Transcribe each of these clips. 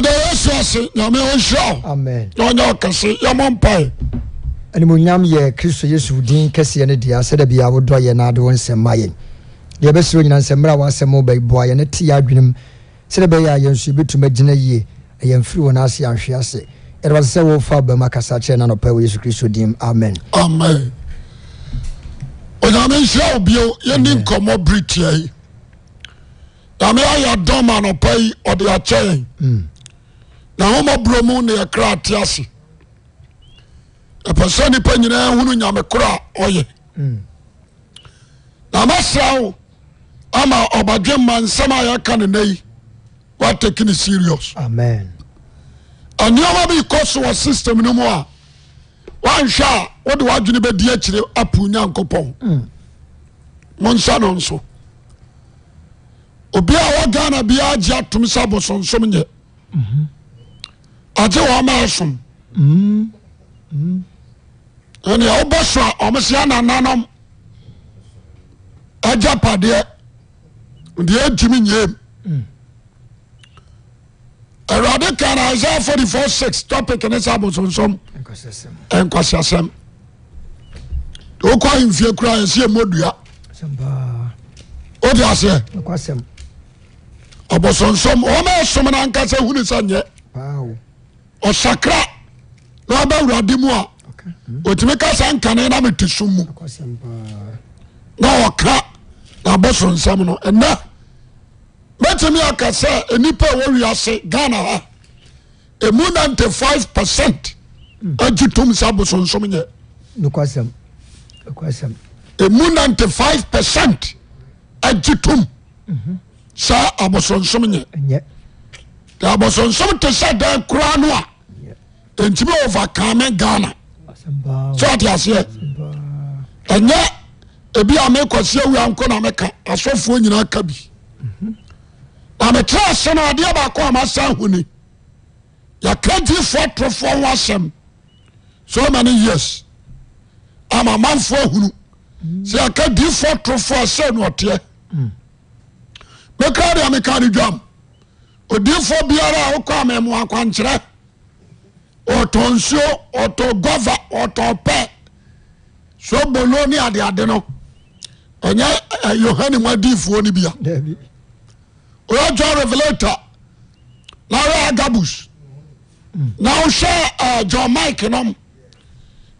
yɛda yɛsi ase nyame ɔnhyira na ɔnyɛ ɔkɛse yɛmɔ mpae animonyam yɛ kristo yesu din kɛseɛ no deɛ sɛda bia wodɔ yɛ no ade wo nsɛm ma yɛn deɛ yɛbɛsrɛ nyina nsɛmmerɛ a woasɛm bɛboa yɛ te yɛ adwenem sɛdɛ bɛyɛ a yɛn so yɛbɛtumi agyina yie ɛyɛ wɔ no ase anhwe ase ɛdɛbase sɛ wɔfa bam akasa kyerɛ no anɔpɛ wɔ yesu kristo din amen amen onyame nhyira wo bio yɛne nkɔmmɔ bere tiai nyame ayɛ dɔm anɔpa yi ɔde akyɛ yɛn namomɔburɔmu neɛkra atiase ɛpɛ sɛ nnipa nyina hunu nyame korɔa ɔyɛ namasra wo ama ɔbadwe ma nsɛm ayɛka no na i waatekine serious aneɛɔma bikɔ sowɔ system no mu a wonhwɛ a wode woadwene bɛdi akyirɛ apu nyankopɔn mo mm. nsa no nso obiaa waghana biaa gye atom sɛ abɔsunsom yɛ mhm. ɔgye wɔ ma ɛsom ɛnea wobɔ so a ɔmoseɛ nananom agya padeɛ deɛ ɛgyimi nyeem awurade kan forty four six topic ne sɛ abosonsom nkɔsiasɛm wokɔ ahemfie kora ɛsɛ mmɔdua wode aseɛ ɔbosonsom ɔma ɛsom no ankasa hunu sɛ nyɛ ɔsakra na waba awurade mu a ɔtumi ka saa nkane na mɛte som mu ne ɔka na abosoronsɛm no ɛna mɛtumi aka sɛ nipa a wɔwiase ghana ha ɛmu 95 pecent agye tom sɛ abosonsom yɛ ɛmu 95 pecent agyi tom mhm. sɛ abosoronsom nyɛ abosonsom te sɛ dan koraa no a ntimi overcome Ghana so ate aseɛ ɛnyɛ ebi a mekɔsi awia nko na meka asɔfoɔ nyinaa ka bi na mekyerɛ ase no adeɛ baako a masa ho ni yɛka difoɔ torofoɔ ho asɛm so many years ama manfoɔ ahunu sɛ yɛka difoɔ torofoɔ asɛ no ɔteɛ mekra deɛ meka ne dwam odiifoɔ biara a wokɔ amammu akwankyerɛ ɔtɔ nsuo ɔtɔ gova ɔtɔ pɛ so bolo ni adeade no ɔnyɛ yohane wa diifoɔ no bia ɔyɛ john revelator na ɔyɛ agabus na wohwɛ john mike nom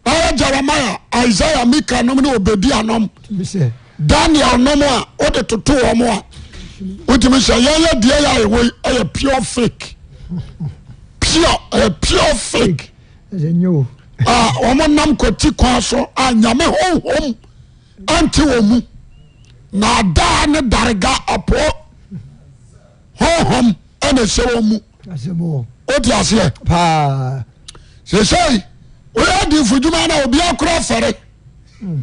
na ɔyɛ jeremiah isaiah mika nom ne obedi anom daniel nom a wode toto wɔ a wotumi sɛ yɛyɛ deɛ yɛ ayɛwɔ yi ɛyɛ pure fake pure ɛyɛ pure fake a wɔn nam kɔti kwan so a nyame honhom ante wɔn mu na adaa ne dariga apɔ honhom ɛna ɛhyɛ wɔn mu o ti aseɛ paa sesei oyɛ di nfuduma na obi akora afɛre hmm.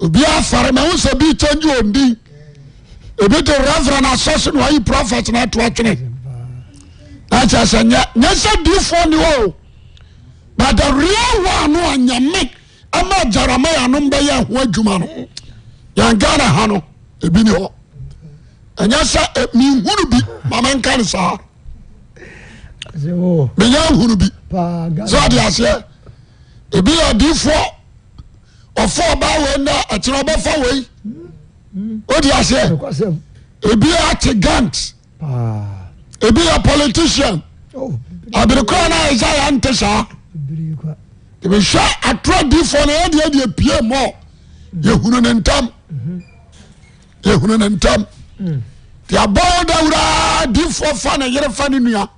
obi afɛre na n sɛ bi kyɛn ju ondin. ebi to reverend assause no ayi profet no atoa twene na kyɛr sɛ yɛsɛ diifoɔ nne o but wereɛ ho ano a nyame ama jaramaya anombɛyɛ ho adwuma no yɛngane ha no bine hɔ ɛnyɛ sɛmenhuru e, bi mamankane sa a enya huru bisɛ ɔde aseɛ biɔ diifoɔ ɔfɔ ɔba wei ɛ akinɛɔbɛfa wei odiase ebi ace gangs ah. ebi ya politician abirekoana aja ya ntesea tebisa atura difoo neyadide pie mo ye huntye hunu ne ntam tiabo dawur difuo faneyere fane nua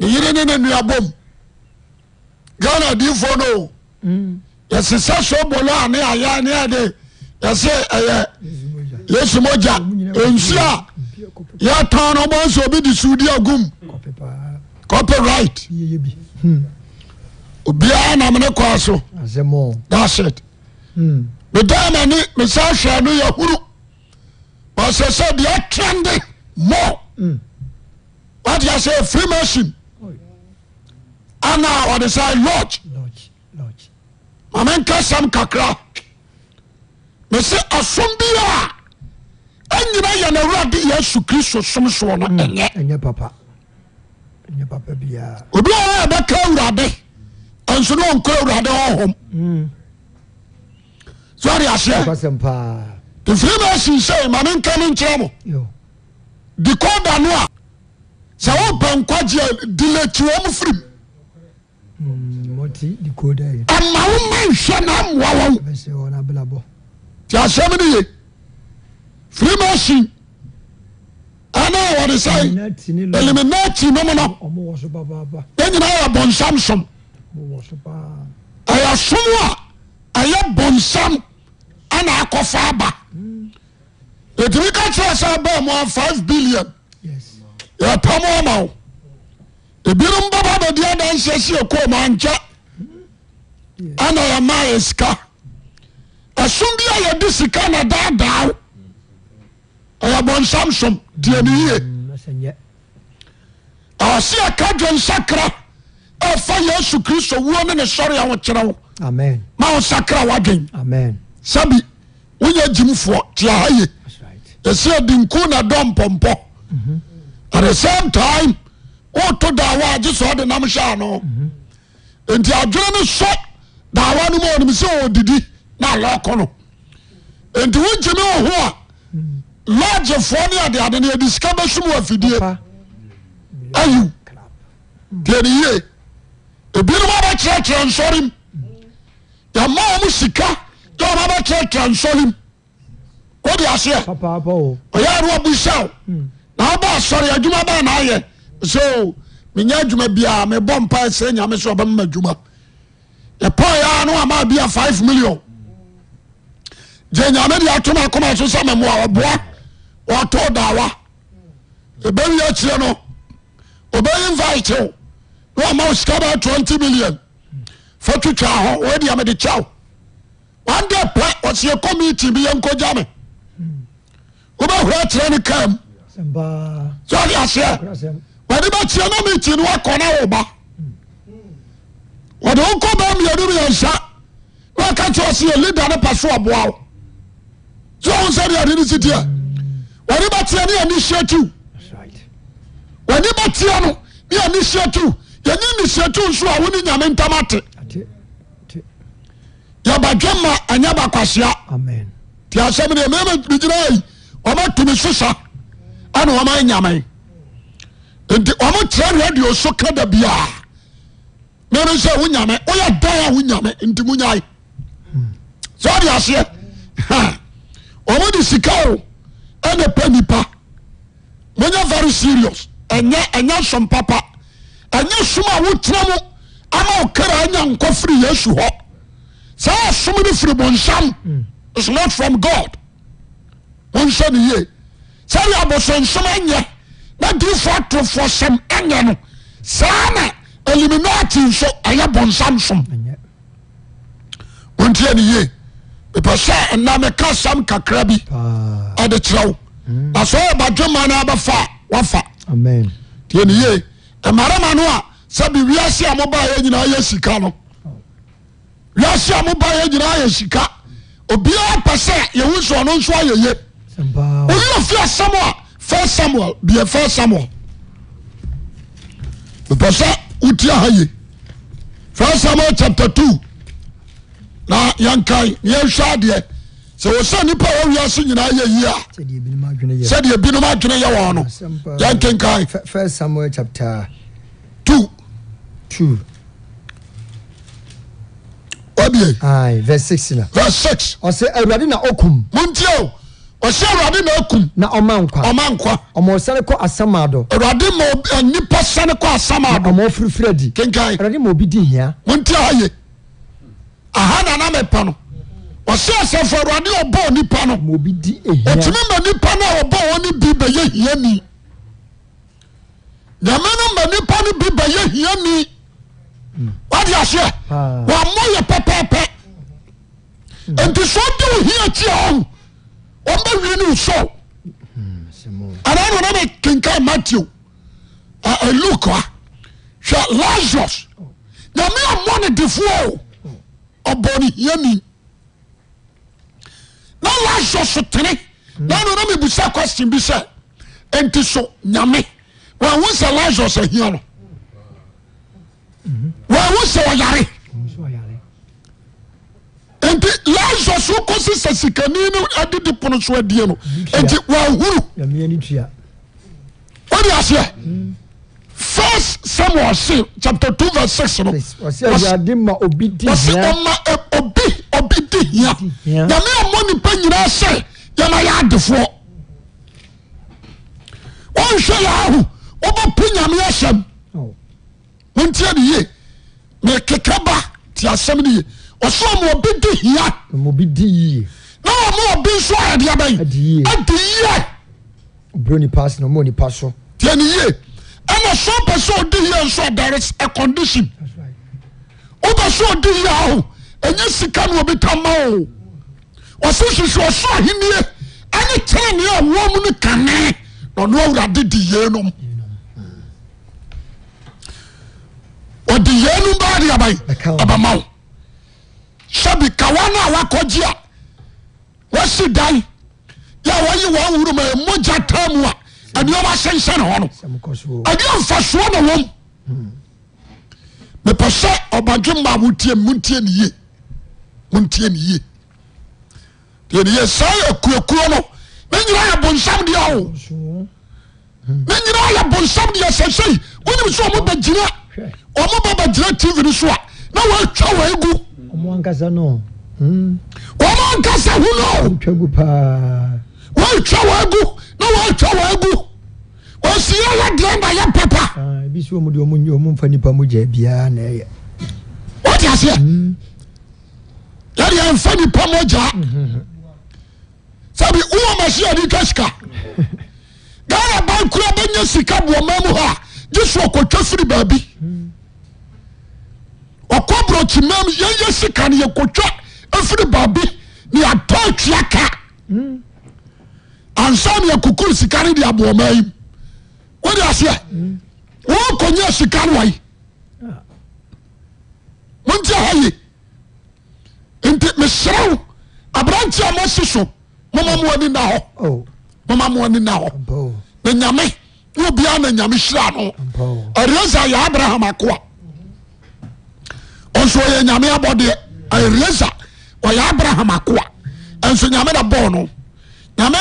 eyere nene nuabom gana difo no ye sese so bolo aneayaneade yɛsɛ ɛyɛ yɛsumogya ɛnsuro a yɛ ta no obɔ sɛ obi de suudi agum copyright obiara namene kɔa so dase meda mani mesa hweɛ no yɛhuru bɔ sɛ sɛ bea trɛnde mɔ watyasɛ free machine ana ɔde sae lodgh mamankɛ sɛm kakra mɛsɛ asom bia a ɛnyina yɛnawurade yɛsu kristo som sowɔ no ɛnyɛ obi wɔyɛbɛka awurade nso ne ɔnkor awurade ɔhom mm. sore aseɛ firi ma asin sɛ mane nka no nkyerɛ mɔ dikoda no a sɛ wopɛ nkwa gyeɛ denaki wɔm firim mm, ama woma nhwɛ no amoa wa ti asɛm no ye frimason ana wɔde sɛ eliminati nom no yɛ nyina yɛ bɔnsam som ɛyɛ som a ɛyɛ bɔnsam ana akɔfa aba ɛtumi ka kyerɛ sɛ baa mu a 5 billion yɛpɛ mo ama wo ebinom baba bɛdi adanseɛ si ɛkoo ma ankyɛ ana yɛma yɛ sika asom biayɛde sika nadaa daawo ɛyɛbɔnsam som tianeyie seaka dwennsakra ɛfa yesu kristo wo ne ne sɔrea wo kyerɛ mao sakra woe sai f ahe sametim wot daagesɛ dnɛnniaeen aamnsɛd na lɔɔko no nti wogyeme wo ho a lɔɔgyefoɔ ne adeade no yɛde sika bɛsom wɔ afidie ayiw deɛne yie ebinom abɛkyerɛkyerɛ nsɔre m yɛma wɔ m sika yɛ wɔm abɛkyerɛkyerɛ nsɔre m wode aseɛ ɔyɛ ne wabusaw na wobɔ asɔre adwuma baa na ayɛ sɛ menya adwuma biaa mebɔ mpa sɛ nyame so ɔbɛmama adwuma yɛpɔ yɛa ne wama bia five million gye nyame de atom akoma so sɛ memoa ɔboa wɔto dawa ɛbɛwi akyirɛ no ɔbɛyi mfa kyew na wama wo sika bɛɛ 20 million fa twitwa ho wɔde amede kyɛw one day pɛ ɔseɛ committee bi yɛnkɔgya me wobɛhura kyerɛ no kam sɛ ɔde aseɛ wɔde bɛkyerɛ no meeting no wakɔ na wo ba wɔde wo nkɔ baa mmienu mmiɛnsa na waka kyerɛ ɔseɛ leader no pɛ so ɔboa wo sosɛdeaene siea ne bateɛne anesaki ne bateɛ no neanesaku yɛye nesaku soawone nyame ntamte yɛbadema anya ba kwasia iasɛmdmiyira ɔmatum sosa anamanyame nte metrɛ radio so krada bia sɛ woyame woyɛ a wo yame ntimy sdsɛ ɔmode sika o ɛnɛpa nnipa monyɛ very serious ɛnyɛ som papa ɛnyɛ som a woteram anaɔkaraayankɔ firi yesu hɔ saa asom ne firi bonsam is not from god osne sɛ yɛ abosonsom yɛ nadirifoɔ torofoɔ sɛm nyɛ no saa na aliminaati so ɛyɛ bonsam so epɛ sɛ nnameka sɛm kakra bi ɛde kyerɛ wo mm. na sɛ yɛ badwema ne a bɛfaa wofa ndineye ɛmarama no a sɛbiwiasea mobaɛ nyinaa yɛ sika no wiasea mobaɛ gyinaa yɛ sika obiara pɛ sɛ yɛwo sɔno nsoa yɛye fiasɛm a fi samuel biɛ fis samuel ɛpɛ sɛ woti aha yi firs samuel chapt 2wo na yɛnkae yɛnhwɛ adeɛ sɛ wɔ sɛ nnipa a wɔwiase nyinaa yɛ yie a sɛdeɛ binom adwene yɛ wɔ no yɛnkenkae first samuel chapter two two wabie aye verse six na verse six ɔsɛ awurade na okum muntie o ɔsɛ awurade na okum na ɔma nkwa ɔma nkwa ɔmɔ sani kɔ asamado awurade ma eh, nipa sani kɔ asamado ɔmɔ firifiri adi kenkan awurade ma obi di hia muntie aye aha na na mɛpɛ no ɔsɛ asafo awurade ɔbɔ nipa no ɛtumi ma nipa no a ɔbɔ wɔn no bi bɛyɛ hiani nyame no ma nipa no bi bɛyɛ hiani wade aseɛ wɔammɔ yɛ pɛpɛɛpɛ nti sɛ ɔde wo hia akyi a ɔn ɔmbɛwie ne wosɔw anaa ne ɔna mekenka matthew luke a hwɛ lazarus nyame ammɔ ne defoɔ o ɔbɔne hiani na lasɔ so tene nano na mebusa question bi sɛ enti so nyame wawo sɛ lasɔ sɛ hia no wawo sɛ ɔyare enti lasɔ so kɔsi sɛ sikani no adidi pono so adie no enti wahuru wode aseɛ firs same ɔse chapt 26 oob di hia nyame amɔ nipa nyina sɛ yɛma yɛ adefoɔ wɔnhwɛ yɛ aho wobɛpo nyame sɛm montianeye mekeka ba nti asɛm no ye ɔsɛ ɔma obi de hia na ɔma obi nso ayɛdeɛ ba adeye niane ɛna some person odi here nso there is a condition wobɛ so odi here o ɛnyɛ sika na obi ta ma o ɔsi sisi ɔso ahenie ɛne kyerɛnee a wɔn mu ne kane na ɔno awurade di yie nom ɔdi yie nom baa de abayi abama o sɛbi kawa no a wakɔgye a wɔsi dan yɛ a wɔyi wɔn wuru ma ɛmogya taa mu a aduoma sensɛ ne hɔ no ɛdeɛ mfasoɔ na wɔm mepɛ sɛ ɔbadwe ma wotie montie ne yie montie ne yie deɛ ne yie saa akuakuo no ne nyinaa yɛ bonsam deɛ o ne nyinaa yɛ bonsam deɛ sɛ sei wonim sɛ ɔmo bɛgyina ɔmo ba bɛgyina tv no so a na wɔatwa wɔagu ɔmo ankasa no ɔmo hmm. ankasa no wɔatwa wɔagu na wɔatwa wɔagu siyɛyɛ dɛnayɛ aɛma nipa a s asantwaska kra ɛya sika bmam h e soktwa fri babi ɔrtiam yɛyɛ sika neyɛktwa fri babi naata ka hmm. ansayakokr sika nede bmai was koya asika nwai onti hay nt mesereo abratiamose so oaaninah yame nbiaana yam siran aasa y abraham akowa nyɛ nyame ab areasa yɛ abraham akoa ns nyamdbn yame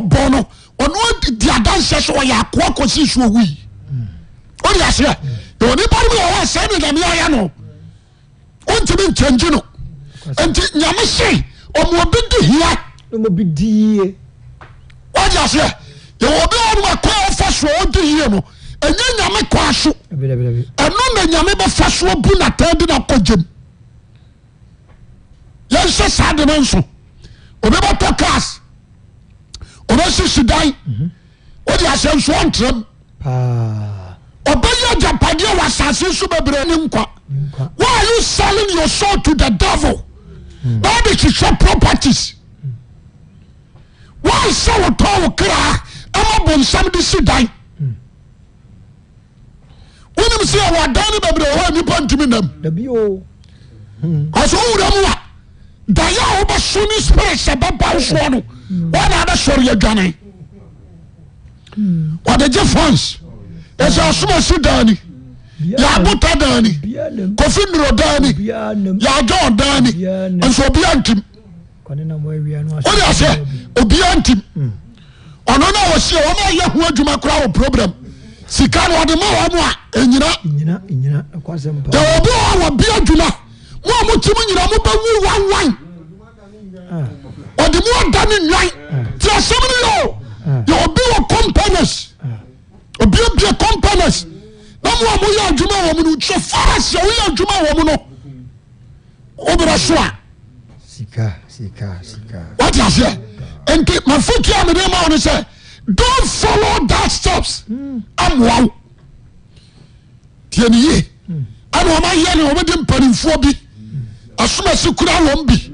nbn ɔno di adanseɛ sɛ ɔyɛ akoa kɔsi suo wui ɔde aseɛ ɛwɔ nipa no yɛ ɔwɔ sɛɛ ne nyame ɔyɛ no ɔntumi nkyɛngye no nti nyame se ɔmo obi di hia ɔde aseɛ yɛwɔ obi a ɔnom akoa ɔfa soɔ ɔdi yie no ɛnyɛ nyame kɔ aso ɛno na nyame bɛfa soɔ bu nataa de no akɔgyem yɛnhyɛ saa de no nso obi bɛtɔ cars ɔbɛsisi dan wode asɛm so ɔntrɛm ɔbɛyɛ agyapadeɛ wɔ asase so bebree ne nkwa why are you selling your soul to the devil na wode hyehyɛ properties why sɛ wotɔ wo kraa ama bonsam de si dan wonim sɛ ɛwɔ dan no bebree hɔ a nnipa ntumi nam ɔsɛ wowura mu a dayɛ a wobɛso ne spirit sɛ bɛba wo soɔ no wana a bɛ sɔreɛ dwanen wɔde gye fans ɛsɛ asomsi daane yɛabota daane kofi nnurɔdaane yɛagaɔdaane ɛnsɛɔbia ntimwodeasɛ obia ntim ɔno no ɔsie ɔmayɛ ho adwuma koraa wɔ problem sika ne ɔde ma wɔ mo a anyinaɔbi ɔ a wɔbia adwuma maamotom nyina mobɛwu wawan ɔde mu ɔda ne nwan ti asɛm no yɛ o yɛ obi wɔ companies obi abie companies na mo a moyɛ adwuma wɔ mu no kyerɛ faras a woyɛ adwuma wɔ mu no wobrɛ so a wate aseɛ nti mafotu a mede ma wo sɛ don't follow that steps amoa tiɛ ne yie ana ɔmayɛ ne wɔmɛde mpanimfoɔ bi asomasi kura wɔm bi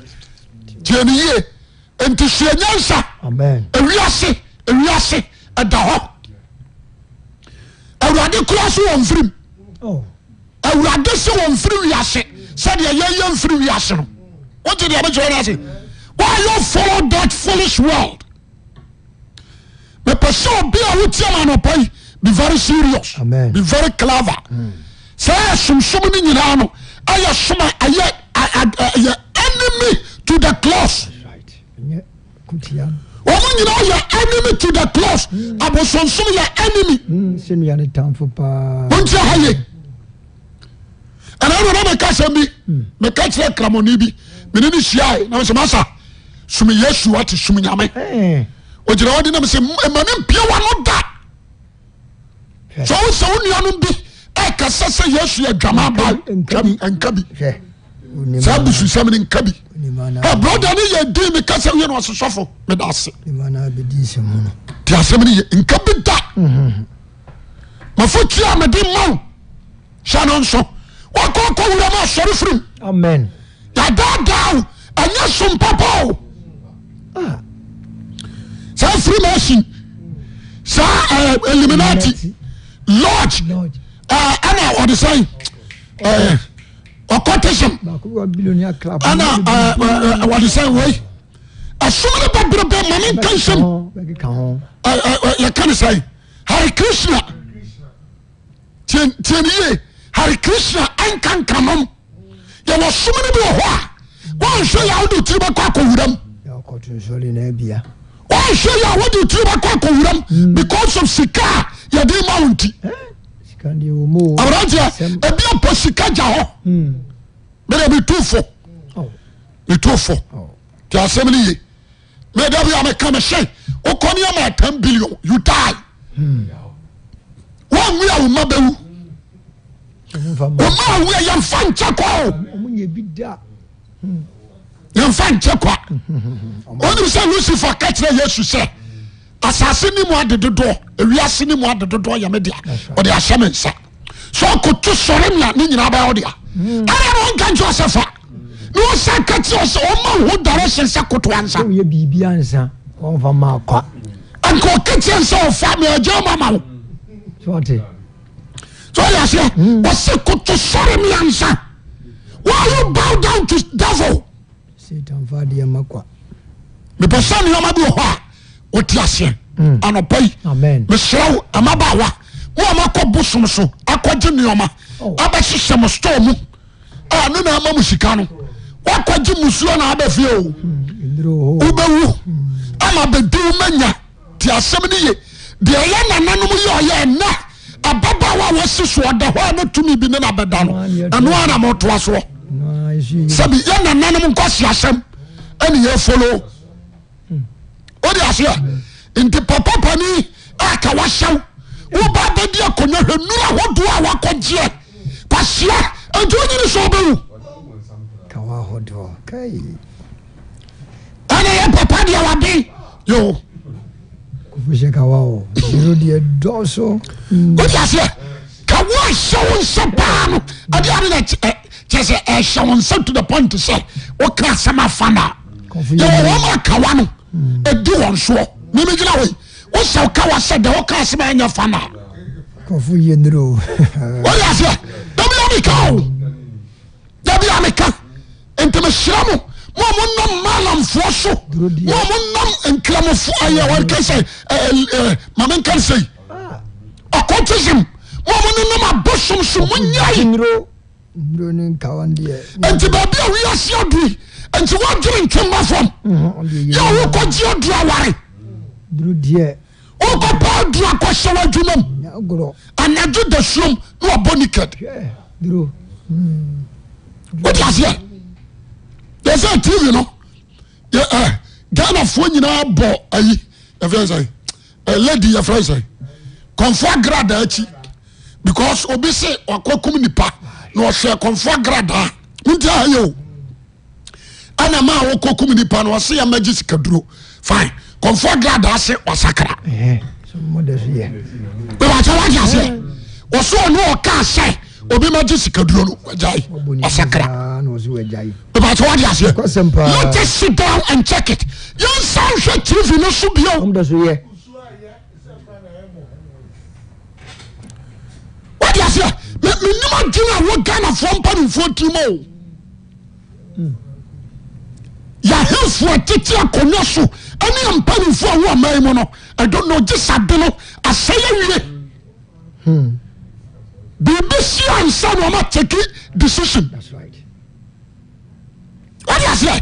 e nti suanyasa wiese dah awade kas mfiri w se mfiriwse sɛdɛɛmfirise o ɛfolo tat fulis world mpɛsɛbiawoteanɔp be very serious very clver sɛ ɛyɛ somsom no nyinaa no ɛyɛ soyɛ anem mnyinayɛne syaneye ɛnnenemekasɛm bi meka kerɛ kramoni bi menene sia namsmasa some yɛsu wa te som nyame ogyerawode namsɛɛmane mpiawa no da sɛwosɛwo nuano bi ɛkɛsɛ sɛ yesu a dwama ba nka bi sa busu samine nkabibrothe ne ye de mekase wyene woseso fo meda se deasemine ye nkabi da mhm. mafa tua mede mao sano nso wakoko wura mo sore firim yadadao anye sompopo ah. saa firim asin saa elimina eh, ti lodge ane odesae eh, oko eh, eh, eh, tesemndesemwe asomene baberebe mamenkamsemyekane sei harichrisina tieni ye harichristina ankankanom yeme somne bihoa anseyawde oturi bkko wram onswe ya wade oturi bkako wram mm. because of sicar yadema onti aberanteɛ ebi apɔ sika gya hɔ hmm. mede bi tu fo oh. bi tu fo oh. te asɛm ne ye mede bi a meka mehyɛ wokɔ ne ama ten billion you die hmm. woanwe a wo ma bɛwu woma awe a yɛmfa nkyɛ kwa o hmm. yɛmfa nkyɛ kwa onim sɛ lucifer ka kyerɛ yesu sɛ asase ni mu adedodoɔ ewiase ne mu adedodoɔ yɛ me dea ɔde ahyɛ me nsa so ɔkoto sɔre mia ne nyinaa bɛyɛ ɔdea hmm. ɛna na ɔnka nkyɛ ɔsɛ fa na ɔsɛ kati ɔsɛ ɔma ho direction sɛ kotoa nsa ɔyɛ biribi ansa ɔnfa ma akwa anka ɔkati nsa ɔfa mi ɔgya ɔma ma wo sɔɔte so ɔyɛ aseɛ hmm. ɔsɛ koto sɔre mia nsa why you bow down to devil satan fa adeɛ ma kwa mepɛ sɛ nneɛma bi wɔ hɔ a tasɛ mm. anɔ eserɛ amabawa moamakɔ b som so akɔgye nnema oh. abɛsesyɛ m sto mu nenamam sika no wakɔgye musuonaabɛfi mm, wobɛw mm. ama bɛdew maya tiasɛmne ye ɛ yɛ naa nom ɛyɛna aawe daabndanaoa s sɛɛnananom nɔi sɛ neyfo wode aseɛ nti papa pani aka wahyɛw woba bɛdi akonwa hwɛ nura ahodoɔ a wakɔgyeɛ kwahyia nti wonyini sɛ wobɛwu ɛne yɛ papa deɛ wade yo wode aseɛ kawo ahyɛ wo nsa paa no ade ade na kyerɛ sɛ ɛhyɛ wo nsa to the point sɛ woka asɛm afa no a yɛwɔ wɔ kawa no ediwonsuwo memeginae wsekawasedeoksemaanya fanas daiamka dabiamekan intemeseramo mmna malam fo somnam klmse mamnkerse kotesim momnnam abo som so moyaint eh, eh, eh, babiawasidue nti wadwere ntema fam yɛ wokɔgye adura ware wokɔpa adura kɔhyɛ w'adwuma mu anadwo da suom na wabɔ niked wode aseɛ yɛ sɛ tv no ghanafoɔ nyinaa bɔ ayi yɛfrɛ sɛ lady yɛfrɛ sɛ kɔnfoɔ gradaa akyi because obi se wakɔkum nipa na ɔhwɛ kɔnfoɔ gradaa wonti ahayɛ o ɛna ma a wokɔ kum nipa no ɔse yɛmagye sikaduro fine kɔmfoɔ gradaa se wasakra bɛbakyɛ woagye aseɛ ɔso ɔne ɔkaa sɛ obi magye sikaduro no wagyae wasakra bɛbakyɛ woagye aseɛ you just sit down and check it yɛnsa nhwɛ tv no so bio wagye aseɛ menim adwene a wo ghanafoɔ mpanimfoɔ tirim o hmm yɛahemfoɔ tete akonnwa so ɛne mpanimfoɔ a wo aman mu no ɛdɔ na ɔgye sade no asɛe awie hmm. biribi si ansa na ɔma teki decision wode aseɛ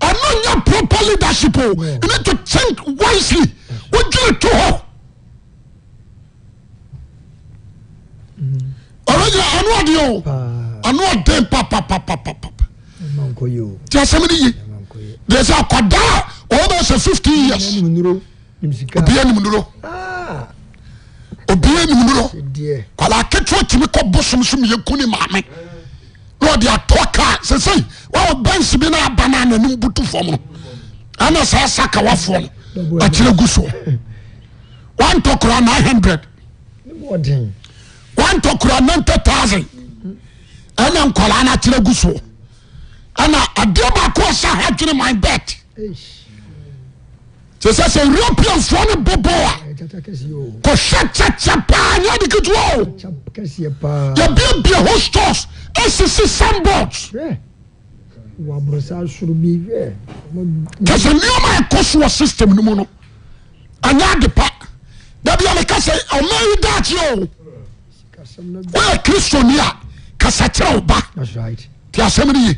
ɛno nyɛ proper leadership o hmm. you need to think wisely wogyere to hɔ hmm. ɔrɛgyina ɛno ɔdeɛ o ɛno ɔden papapapapapa nti asɛm no ye tese koda oese 5 yearsbn obi numro klketu timi kobsom so miekunmme deatoka sesei bansibi nbnnbut f ansasakawafo acira gusuo ntokuro nn0n0 ntokuront t0snd anekoln ira guso an adeɛbako sɛ hagere my bet t sɛ sɛ repia msua ne bobɔa kosyɛ kakɛ pa anya deketeo yɛbea bia hostas asisi sumbots kesɛ neomaɛko sowɔ system no mu no anya ade pa nabiamekasɛ ɔmayidatɛo ɔyɛ kristoni a kasakyerɛ oba t asɛmr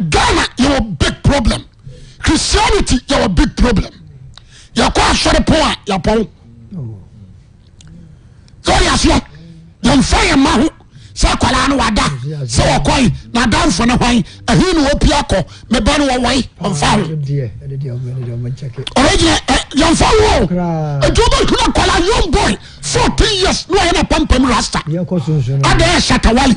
ghana yɛwɔ big problem christianity yɛwɔ big problem yɛkɔ asɔre pon a yɛpɔn lórí aseɛ yɛmfa yɛn ma ho sɛ akwadaa no wada sɛ wɔkɔe n'adamfo no hwan ahi ne wɔpi akɔ meba no wɔwɔe ɔmfa ho ɔregyina yɛmfa ho adwuma kuna akwadaa young boy fourteen years ne wɔyɛ no pampam rasta ada yɛ shatawali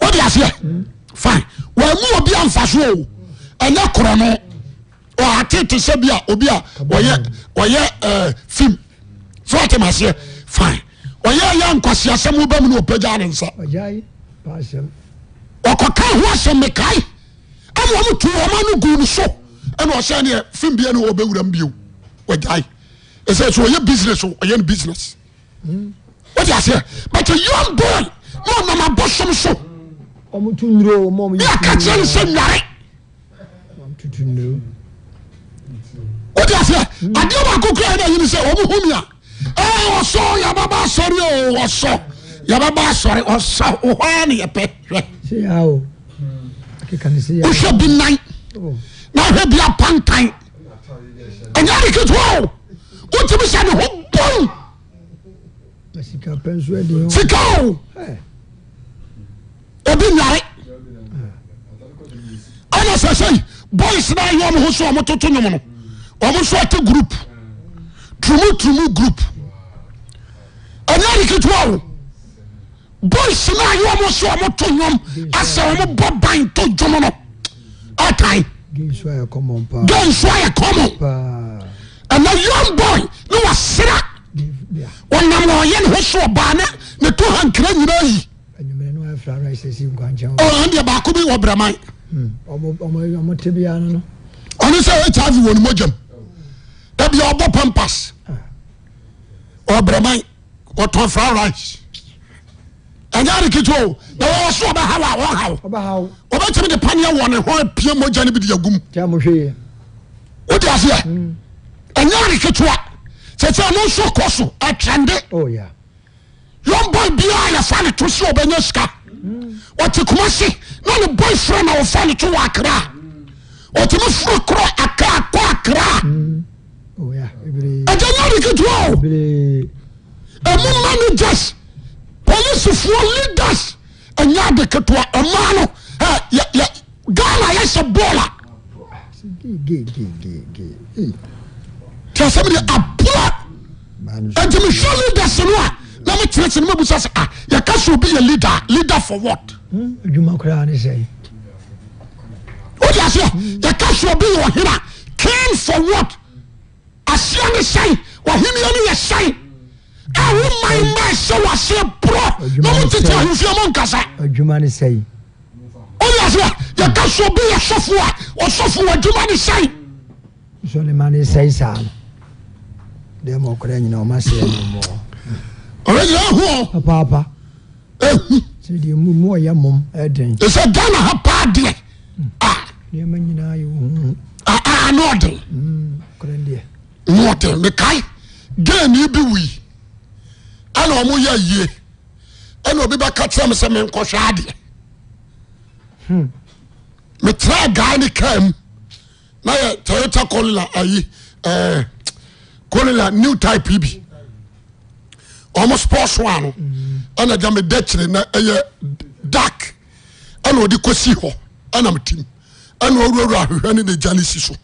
wode aseɛ hmm. fine wamu obi amfa so o ɛnyɛ korɔ no ɔatete sɛ bi a obi a ɔyɛ fim so watema aseɛ fine ɔyɛ yɛ nkwaseasɛm woba mu no ɔpagya ne nsa ɔkɔka ho asɛm mekae ama ɔmo tu ɔma no gu no so ɛna ɔhyɛ neɛ fim bia no wɔbɛwuram bio wagyae ɛsɛ sɛ ɔyɛ business o ɔyɛ no business hmm. as but yon bo monama bo som soakaten se yuare odas adima kokune yeni se omu hunua eh, oso yababa sor oh, so yababasore s haniyepeose binai oh. na he bia pantai onya reke too wotemi sani ho bo ska obinuare anesese boys nysmtto omsute group tumu tumu group neriketw boys nysmto o ase ombo ba to umn atesuaye kom n yon boy nwasera onam ɔyɛne hmm, ah. ho soɔ baane ne to hankra nyinainde baak bibrɛman ɔne sɛ cavi wnemjam bia ɔbɔ pampas brɛma t frarice ɛyarekabɛh ɔbɛkyem e paneɛnehpia ane bidea oeyɛ ɛnyarekewa eteno nso ko so atende oh, yonbɔ biaa nefane to se obnya seka tikoma se nenebo fere na wofane to wo akra otimi fore koro akk akrade nya deketoo mo managers police fo leaders nya deketowa man ghana yase bolas nti mehwɛ leaders no a na mekyerɛkyerɛ no mabusa sɛ ah yɛka sɛ obi yɛ leader leader for what hmm? dwuma koraa ne sɛ wode aseɛ yɛka sɛ obi yɛ ɔhena king for what aseɛ ne sɛe ɔheneɛ no yɛ sɛe a woman ma ɛsɛ wɔ aseɛ borɔ na motete ahemfie mo nkasa adwuma ne sɛe wode aseɛ yɛka sɛ obi yɛ sɔfoɔ a ɔsɔfo wɔ adwuma ne sɛe sɔlema ne sɛe saa no yenasɛ gana ha pa deɛndende hmm. ah. ah, ah, hmm, mekae ga nebi wee ana ɔmo hmm. yɛ ye ɛne obi bɛka tera me sɛ menkohwɛadeɛ metra gane kam nayɛ tɛrotakolena ai eh, kn newtypeibi ɔmosposoa no mm. ɛna gyameda kyeri na ɛyɛ dak ɛna ɔde kasi hɔ ɛnamtim ɛnew ahwehwɛ ne negyalesi so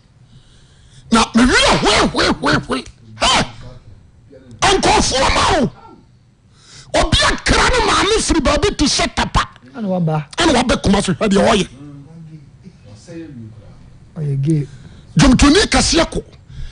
na mewerɛ h nkfoomao ɔbiakra no maame fri baabi tosɛ tapa ɛnewabɛkomasohwɛdeɛɔyɛ dwotnikaseɛ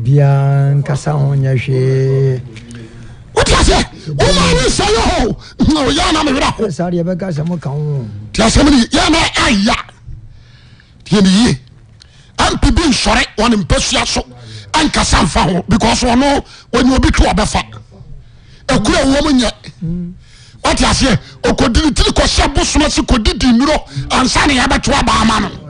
biara nkasa ho nyɛ hwee wote aseɛ woma ne sɛ yɛ hɔ ɔyɛ na mewerɛ ho saa deɛ bɛka sɛ moka ho nti asɛm ne yɛ na aya tiɛ e ne yie ampi bi nsɔre wɔne mpasua so ankasa mfa ho because ɔno ɔnyɛ obi to ɔbɛfa akura e wɔ m nyɛ wote aseɛ ɔkɔdiri tiri kɔhyɛ bosoma se kɔdi di nnuro ansa ne yɛbɛto abaa ma no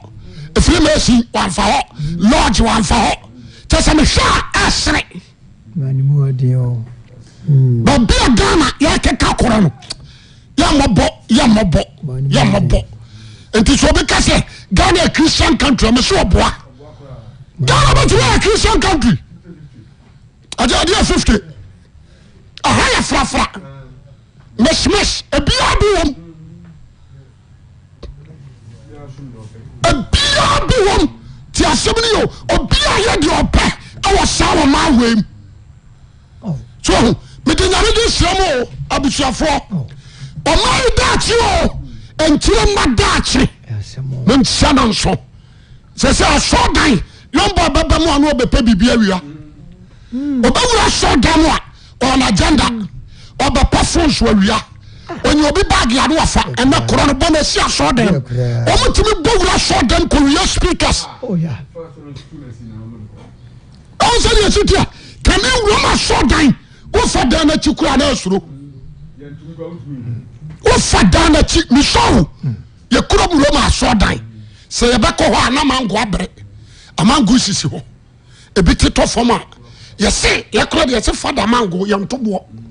frmasi wmfa lodge wmfa tse mehwe asere bbiadana ykekakrno ybbb nti so obekase ganea christian countrymeseoboa gan t christian country yade50 hale frafra ms bi ebiaa bi wɔm te asɛm no yɛ obiaa yɛ deɛ ɔpɛ ɛwɔ saa wɔ maa wei m oh. so mede nyame de srɛ m o abusuafoɔ ɔma oh. yi daakye o nkyerɛ mma daakye menhyɛ no nso sɛ sɛ asɔɔdan yɔmbɔ bɛbɛ mu a na ɔbɛpɛ biribi awia ɔbɛwura hmm. asɔɔdan mu a ɔwɔ n'agenda ɔbɛpɛ fon so awia onye obi baagi ade wafa ɛnɛ korɔ no bɔn esi asɔ dɛm wɔn ti mi bɔ wura asɔ dɛm ko wia speakers ɔn sɛ de esi tia kane wura ma asɔ dan wofa dan n'akyi kura ne esoro wofa dan n'akyi misɔn yɛ kura wura ma asɔ dan sɛ yɛ bɛ kɔ hɔ a na mango abere amango sisi hɔ ebi ti tɔ fam a yɛsi yɛ kura de yɛsi fa da mango yɛn to boɔ. Mm -hmm.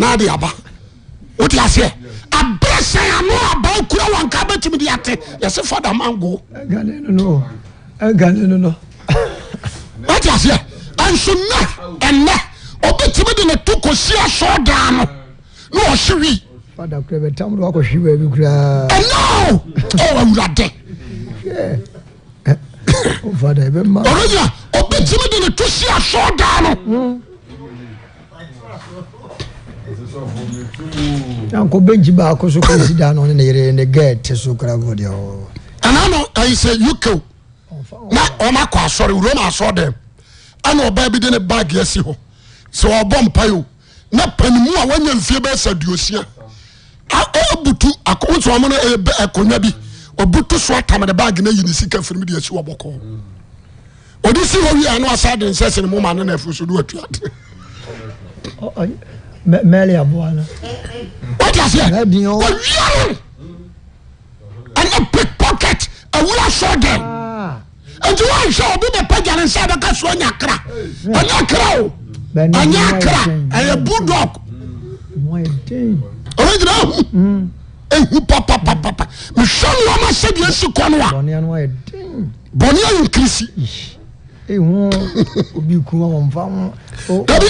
n'ade aba o ti aseɛ abere sɛn ano aba kura wɔn nka bɛtumi di ate yɛsi fada mango. ɛgani nono ɛgani nono. o ti aseɛ ɛnso nɛ ɛnɛ obi tumi di ne to ko si aso daa no na ɔsi wi. fada kura bɛ tam do akɔ si baabi kura. ɛnɛ o ɔ awurade. o fada ɛ bɛ ma. ɔrɔ yà obi tumi di ne to si aso daa nankɔ benji baako so kɔsi da no ne ne yere ne gɛ te so kora bɔ deɛ ɔ ɛna no ayi sɛ uk na ɔma kɔ asɔre roma asɔre dɛm ɛna ɔbaa bi de ne baage asi hɔ sɛ ɔbɔ mpae o na panimu a wanya mfie bɛɛ sɛ duosia ɛbutu e, akɔnso ɔmo no ɛbɛ e, akonnwa e, bi ɔbutu so atam ne baage no ayi ne sika firi mu de asi wɔ bɔkɔɔ ɔde si hɔ wie a na de nsɛsɛ ne mu ma ne na afu so do atua mɛli aboa no. o ti a seɛ o wiare ɛnɛ pick pocket ewura sɔ dɛ nti wa nhyɛ obi bɛ pɛgya ne nsa bɛka so ɔnya akra ɔnya akra o ɔnya akra ɛyɛ bulldog ɔbɛ gyina ehu ehu papapapa nhyɛn nneɛma sɛbi esi kɔ no a bɔnni ayɛ nkirisi. ehu obi kun ɔmfa ho. dabi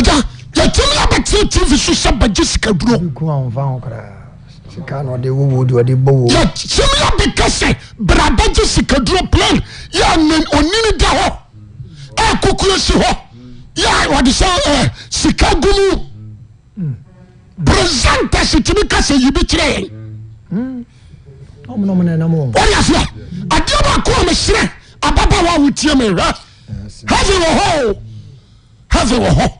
ɛja. yetimi la betetifs se baye sikadrytimilabekese brabaye sikaduro plan yaonini deh kukuasi ho yds sika gumu brozanese timi kese yibi keree admkmesere ababaawtiema h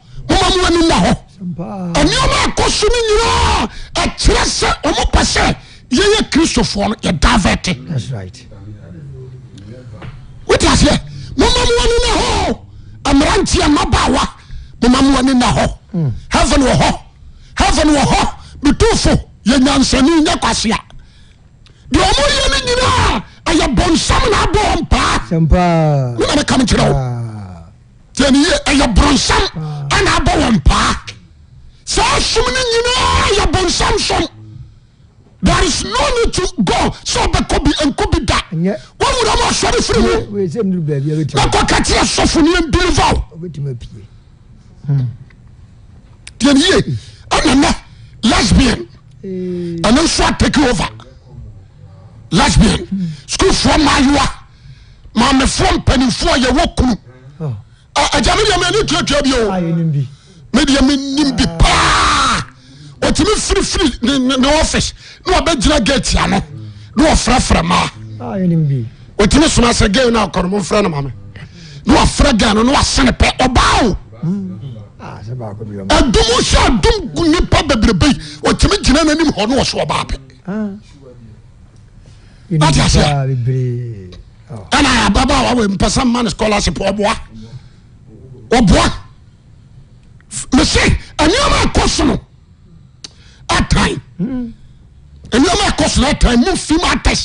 nakɔsome yina ɛkyerɛ sɛ ɔmopɛ sɛ yeyɛ kristofɔ n yɛdavet esɛ momamoanenh mrantiamabawa momoanenh hmm. vvenh betfo yɛnansɛnyaasea de omame yinoa ɛyɛ bonsam nmpankkyerɛo tẹniye ɛyɛ eh, bɔnsam ɛna ah. abɔ wɔn paa saa sum ni nyinaa yɛ there is no need to go sɛ be bi nkɔ bi da wɔn wura mu tu firi mu bakɔ kati asɔfo a mbirivaw tẹniye ɛna nɛ lesbian ɛna eh. nso take over lesbian my maayewa maamefoɔ mpanimfoɔ yɛ wɔ kunu. aya medemne tata bio medmnimbi pa ɔtumi firifiri ne office ne abɛgyina gatia no ne frɛfrɛmatumi so safe ɛiansaane arsp obua mese aneoma kosono ata aneoma kosono at mofi ma tes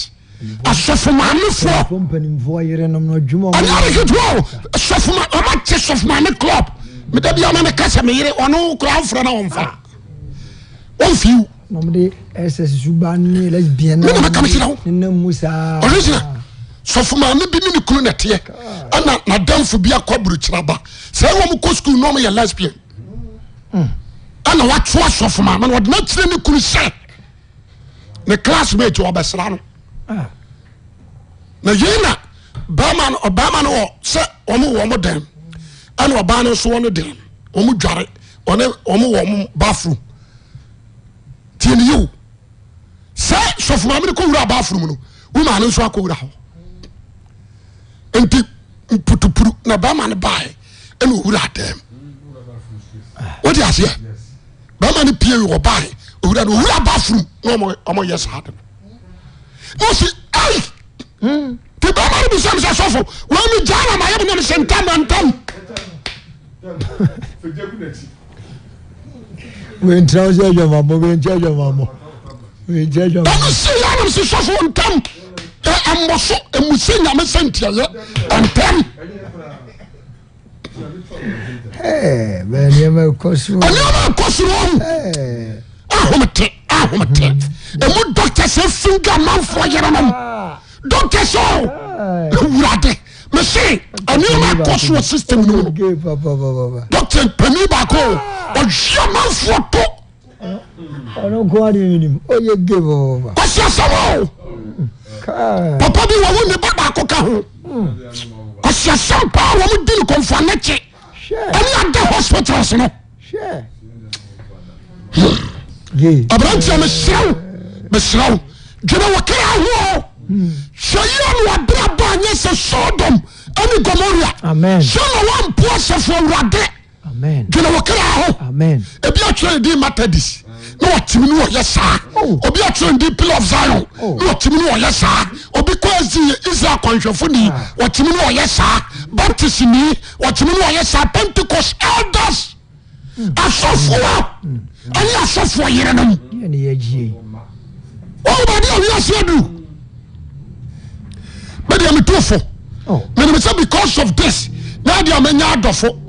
asofuma me foe t fmate sofuma me clob medebia ma me kase me yere one kro fre naofa finkami sɔfomaame bi ne ni kunu nɛteɛ ɛna nadamfo bi akɔ burukyiraba sɛ wɔn kɔ sukuu na wɔn yɛ lesbian ɛna watoa sɔfomaame na wɔde n'akyerɛ ne kunu sɛ ne classmate wɔbɛsra no na yei na barima no ɔbarima no wɔ sɛ wɔn wɔ wɔn dan ɛna ɔbaa no nso wɔn no wɔn dware wɔn wɔ wɔn bathroom tie ne yiw sɛ sɔfomaame no kɔ wura bathroom no wɔn maa nso akɔ wura hɔ. ente mputupuru na bamani bae en ohure adem wedeasia bamani pie yeo bae hur ohure ba frum wo amo ye saadem osi ai te ba mani busam se sofo wa mi janam ayabnan se ntamantaman se yanam si sofo ntam amoso emusename sentie entemanema kosr ahume te ahume te emu docte se finga manfu yerene doctes ewura de mese anema ko suwo system n dt penibak ojie manfuo to ossam popo bi wawone babako ka kosia sampaomu dino konfaneke meade hospitalsne abrantamesere mesere damɛ wo keyahoo seyonabrbo ye se sodom ane gomoria sonwampuo sefo wrde gyina wɔ kra ho ebi atwerɛ ne din matadis na wɔtumi ne wɔyɛ saa oh. obi atwerɛ ne din pill of zion na wɔtumi ne wɔyɛ saa obi kɔasi israel kɔnhwɛfo ni wɔtumi ne wɔyɛ saa baptist ni wɔtumi ne wɔyɛ saa pentecost elders asɔfoɔ ɛne asɔfoɔ yerenom wɔwobade awiase aduru bɛdeɛ metofo menim sɛ because of this na deɛ mɛnya adɔfo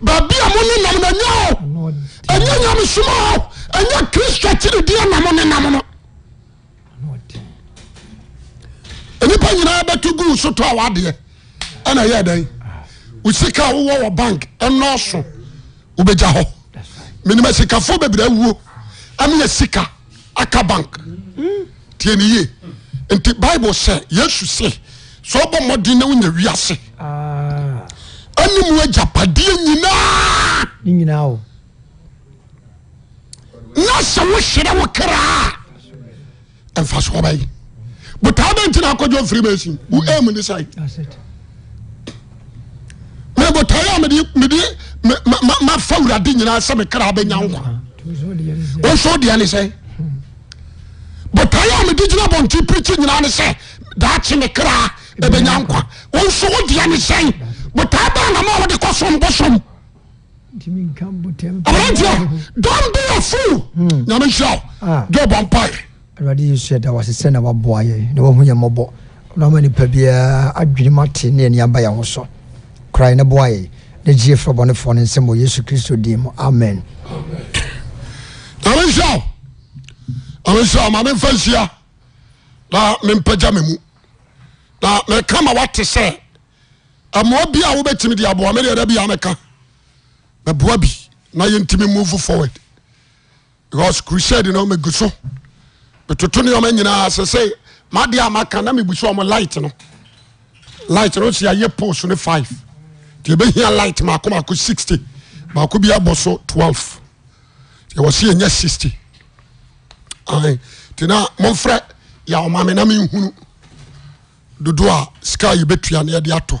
babia mone nam no nyao ɛnya nyamsoma o ɛnya kristo kyere din namone nam no nipa nyinaa bɛtogu so to a waadeɛ ɛnayɛ den wo sika wowɔwɔ bank ɛnɔso wobɛgya hɔ menim asikafo babira awuo ameya sika aka bank tieniye nti bible sɛ yesu se sɛ wobɔ mmɔdin na woya wiase nwjpa yinwose msw buttin frs munsaw yise eya se edii y botaa baa na ma wɔde kɔ som bosom aberanteɛ don be a fool hmm. nyame nhyira wo dɛ bɔ mpae awurade yesu ɛda wase sɛ na waboa yɛ na wahu yɛ mmɔbɔ na wama nipa biara adwene mu ate ne ani aba yɛ ho so korae ne boa yɛ na gyie frɛ bɔnefoɔ no nsɛm yesu kristo din mu amen nyame nhyira wo nyame nhyira wo ma memfa nhyia na mempagya me mu na meka ma wate sɛ amoa bia wobɛtimi de aboa medeɛda biameka mɛboa bi na yɛntimi move forward because crusade no mɛgu so metoto ne ɔma nyinaa sɛ sɛ madeɛ a maka na mebu so ɔmo light no light no sɛ yɛayɛ post no five nti yɛbɛhia light maako maako sixty maako bi abɔ so twelve yɛwɔ sɛ yɛnyɛ sixty ae nti na momfrɛ yɛ ɔmame na menhunu dodoɔ a sika yɛbɛtua na yɛde atɔ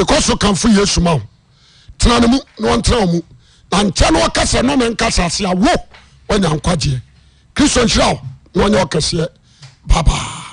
ɛkɔ so kamfo yesu ma wo tena no mu na wɔntena wɔ mu na nkyɛ no wɔkasa nome nkasa ase awo wanya nkwagyeɛ kristo nhyira wo na wɔnyɛ wɔkɛseɛ babaa